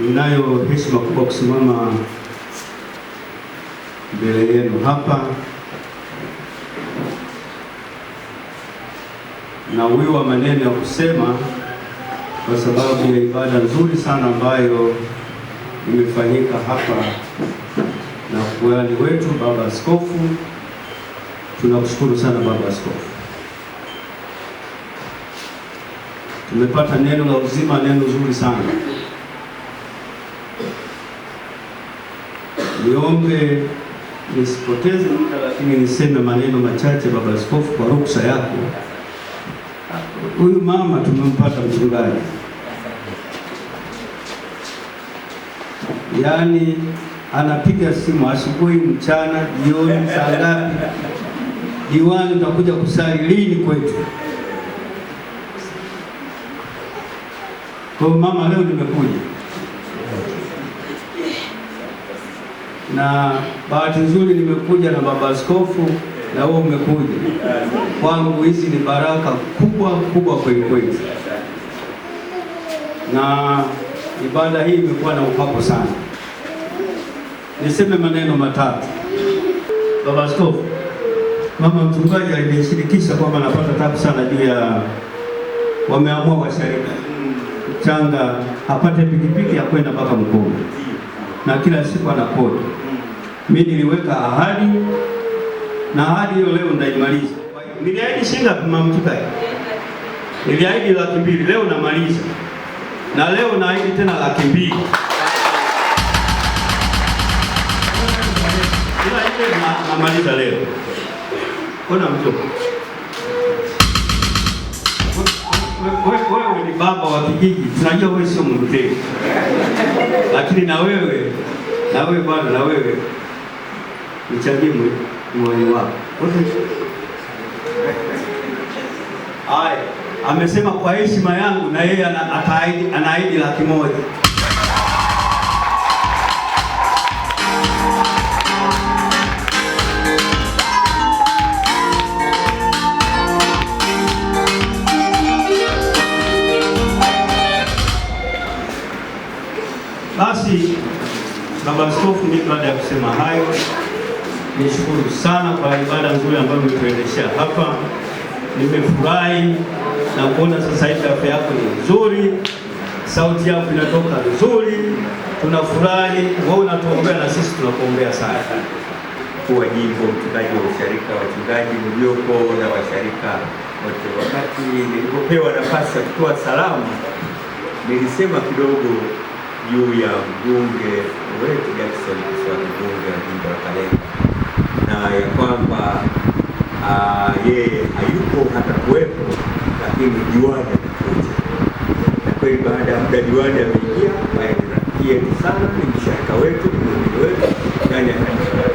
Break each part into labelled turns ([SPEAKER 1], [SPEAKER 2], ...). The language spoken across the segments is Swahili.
[SPEAKER 1] Ninayo heshima kubwa kusimama mbele yenu hapa na wiwa maneno ya kusema kwa sababu ya ibada nzuri sana ambayo imefanyika hapa na kuhani wetu Baba Askofu. Tunakushukuru sana Baba Askofu. Tumepata neno la uzima, neno zuri sana. Niombe nisipoteze muda, lakini niseme maneno machache, Baba Askofu, kwa ruksa yako. Huyu mama tumempata mchungaji, yaani anapiga simu asubuhi, mchana, jioni, saa ngapi? Diwani, utakuja kusali lini kwetu? Kwa hiyo mama, leo nimekuja na bahati nzuri nimekuja na baba askofu na wewe umekuja kwangu. Hizi ni baraka kubwa kubwa kweli kweli, na ibada hii imekuwa na upako sana. Niseme maneno matatu. Baba askofu, mama mchungaji alinishirikisha kwamba anapata tabu sana juu ya wameamua washarika changa apate pikipiki ya kwenda mpaka Mkoma na kila siku anakodi. Mimi niliweka ahadi na ahadi hiyo leo ndaimaliza. Niliahidi ngapi mama Mchikayi? Niliahidi laki mbili, leo namaliza, na leo naahidi tena laki mbili. namaliza leo. Ona mjomba. baba wa kijiji, tunajua wewe sio Mluteri, lakini na wewe na wewe bwana, na wewe nichangie mwani wako. aya amesema kwa heshima yangu, na yeye anaahidi laki moja. Basi baba askofu, mimi baada ya kusema hayo, nishukuru sana kwa ibada nzuri ambayo umetuendeshea hapa. Nimefurahi na kuona sasa hivi afya yako ni nzuri, sauti yako inatoka nzuri, tunafurahi. Wewe unatuombea na sisi tunakuombea sana. kuwa jimbo, mchungaji wa usharika, wachungaji mliopo na washarika wote, wakati nilipopewa nafasi ya kutoa salamu nilisema kidogo juu ya mbunge wetu Jackson Kiswaga mbunge wa jimbo la Kalenga, na ya kwamba ah, yeye hayupo hata kuwepo, lakini diwani amekuja, na kweli baada ya muda diwani ameingia, ambaye tunamkieni sana, ni mshirika wetu, ni mhubiri wetu ndani ya kanisa la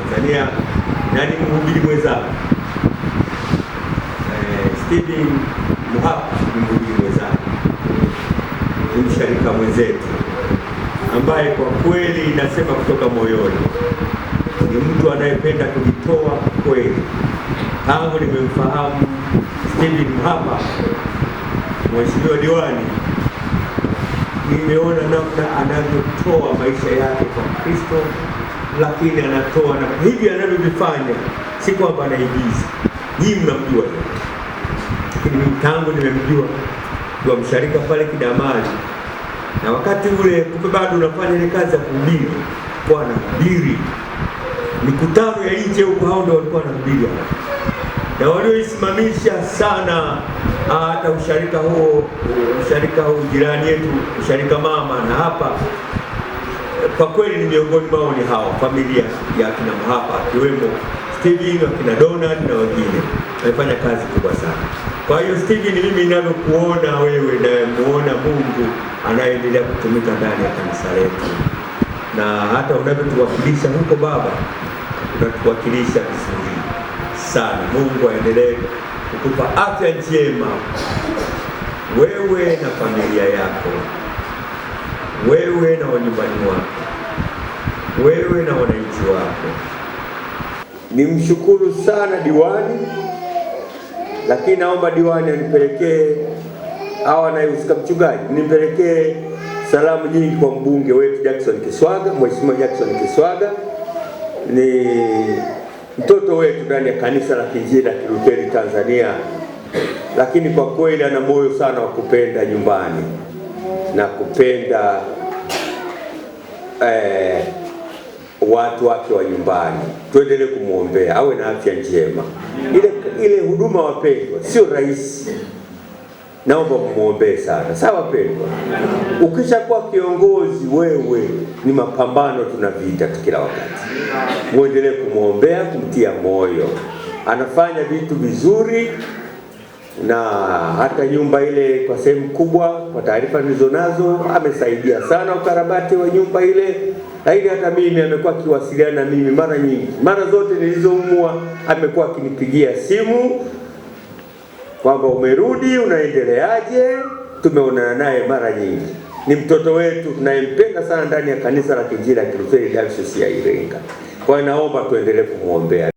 [SPEAKER 1] Tanzania na ni mhubiri mwenzangu eh, Stephen Muhapa, ni mhubiri mwenzangu ni msharika mwenzetu ambaye kwa kweli nasema kutoka moyoni, ni mtu anayependa kujitoa kweli. Tangu nimemfahamu Stephen Mhapa, mheshimiwa diwani, nimeona namna anavyotoa maisha yake kwa Kristo, lakini anatoa na hivi anavyovifanya, si kwamba anaigiza. Nyinyi mnamjua, lakini tangu nimemjua wa msharika pale Kidamali, na wakati ule kumbe bado unafanya ile kazi ya kuhubiri, kwa anahubiri mikutano ya nje huko, hao ndio walikuwa wanahubiri na walioisimamisha sana ah, hata usharika huo usharika huu jirani yetu usharika mama na hapa kwa kweli ni miongoni mwao ni hao familia ya kina Mhapa akiwemo Steven akina Donald na wengine wamefanya kazi kubwa sana. Kwa hiyo Stephen, mimi ninavyokuona wewe namuona Mungu anayeendelea kutumika ndani ya kanisa letu, na hata unavyotuwakilisha huko Baba, unatuwakilisha vizuri sana. Mungu aendelee kukupa afya njema wewe na familia yako, wewe na wanyumbani wako, wewe na wananchi wako. Nimshukuru sana diwani lakini naomba diwani anipelekee au anayehusika mchungaji, nimpelekee salamu nyingi kwa mbunge wetu Jackson Kiswaga. Mheshimiwa Jackson Kiswaga ni mtoto wetu ndani ya kanisa la Kiinjili la Kilutheri Tanzania, lakini kwa kweli ana moyo sana wa kupenda nyumbani na kupenda eh, watu wake wa nyumbani. Tuendelee kumwombea awe na afya njema ile ile huduma wapendwa, sio rahisi. Naomba mwombee sana, sawa wapendwa. Ukishakuwa kiongozi wewe, ni mapambano, tuna vita kila wakati. Muendelee kumwombea, kumtia moyo, anafanya vitu vizuri na hata nyumba ile kwa sehemu kubwa, kwa taarifa nilizonazo, amesaidia sana ukarabati wa nyumba ile, lakini hata mimi amekuwa akiwasiliana na mimi mara nyingi, mara zote nilizoumwa amekuwa akinipigia simu kwamba umerudi, unaendeleaje? Tumeonana naye mara nyingi, ni mtoto wetu tunayempenda sana ndani ya kanisa la Kiinjili la Kilutheri Dayosisi ya Iringa. Kwa hiyo naomba tuendelee kumwombea.